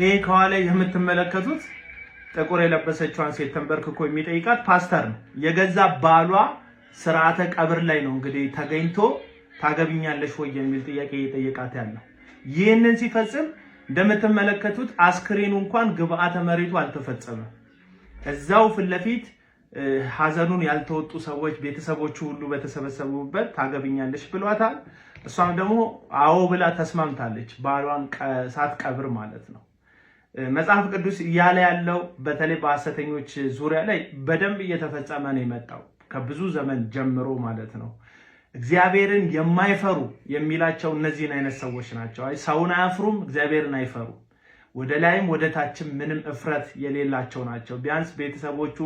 ይሄ ከኋላ የምትመለከቱት ጥቁር የለበሰችዋን ሴት ተንበርክኮ የሚጠይቃት ፓስተር ነው። የገዛ ባሏ ስርዓተ ቀብር ላይ ነው እንግዲህ ተገኝቶ ታገቢኛለሽ ወይ የሚል ጥያቄ እየጠየቃት ያለው። ይህንን ሲፈጽም እንደምትመለከቱት አስክሬኑ እንኳን ግብአተ መሬቱ አልተፈጸመም። እዛው ፊት ለፊት ሀዘኑን ያልተወጡ ሰዎች ቤተሰቦቹ ሁሉ በተሰበሰቡበት ታገብኛለች ብሏታል። እሷም ደግሞ አዎ ብላ ተስማምታለች። ባሏን ሳትቀብር ማለት ነው። መጽሐፍ ቅዱስ እያለ ያለው በተለይ በሐሰተኞች ዙሪያ ላይ በደንብ እየተፈጸመ ነው የመጣው ከብዙ ዘመን ጀምሮ ማለት ነው። እግዚአብሔርን የማይፈሩ የሚላቸው እነዚህን አይነት ሰዎች ናቸው። ሰውን አያፍሩም፣ እግዚአብሔርን አይፈሩም። ወደ ላይም ወደ ታችም ምንም እፍረት የሌላቸው ናቸው። ቢያንስ ቤተሰቦቹ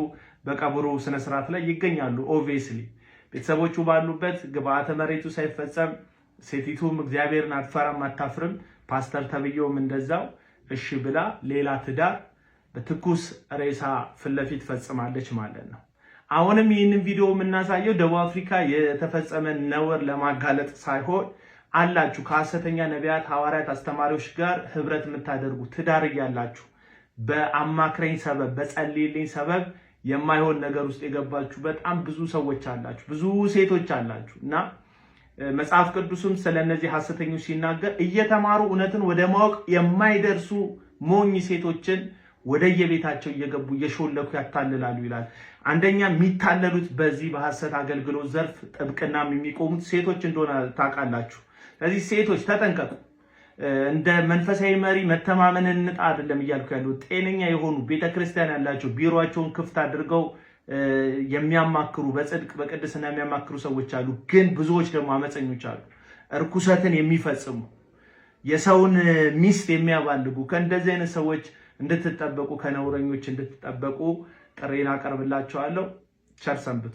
በቀብሩ ስነስርዓት ላይ ይገኛሉ። ኦብቪየስሊ ቤተሰቦቹ ባሉበት ግብአተ መሬቱ ሳይፈጸም ሴቲቱም እግዚአብሔርን አትፈራም አታፍርም። ፓስተር ተብዬውም እንደዛው እሺ ብላ ሌላ ትዳር በትኩስ ሬሳ ፊት ለፊት ፈጽማለች ማለት ነው። አሁንም ይህንን ቪዲዮ የምናሳየው ደቡብ አፍሪካ የተፈጸመ ነውር ለማጋለጥ ሳይሆን አላችሁ ከሐሰተኛ ነቢያት፣ ሐዋርያት፣ አስተማሪዎች ጋር ህብረት የምታደርጉ ትዳር እያላችሁ በአማክረኝ ሰበብ በጸልይልኝ ሰበብ የማይሆን ነገር ውስጥ የገባችሁ በጣም ብዙ ሰዎች አላችሁ፣ ብዙ ሴቶች አላችሁ እና መጽሐፍ ቅዱስም ስለ እነዚህ ሐሰተኞች ሲናገር እየተማሩ እውነትን ወደ ማወቅ የማይደርሱ ሞኝ ሴቶችን ወደየቤታቸው እየገቡ እየሾለኩ ያታልላሉ ይላል። አንደኛ የሚታለሉት በዚህ በሐሰት አገልግሎት ዘርፍ ጥብቅና የሚቆሙት ሴቶች እንደሆነ ታውቃላችሁ። ስለዚህ ሴቶች ተጠንቀቁ። እንደ መንፈሳዊ መሪ መተማመንን እንጣ አይደለም እያልኩ ያሉ ጤነኛ የሆኑ ቤተክርስቲያን ያላቸው ቢሮቸውን ክፍት አድርገው የሚያማክሩ በጽድቅ በቅድስና የሚያማክሩ ሰዎች አሉ። ግን ብዙዎች ደግሞ አመፀኞች አሉ፣ እርኩሰትን የሚፈጽሙ የሰውን ሚስት የሚያባልጉ። ከእንደዚህ አይነት ሰዎች እንድትጠበቁ፣ ከነውረኞች እንድትጠበቁ ጥሬን አቀርብላቸዋለሁ። ቸር ሰንብቱ።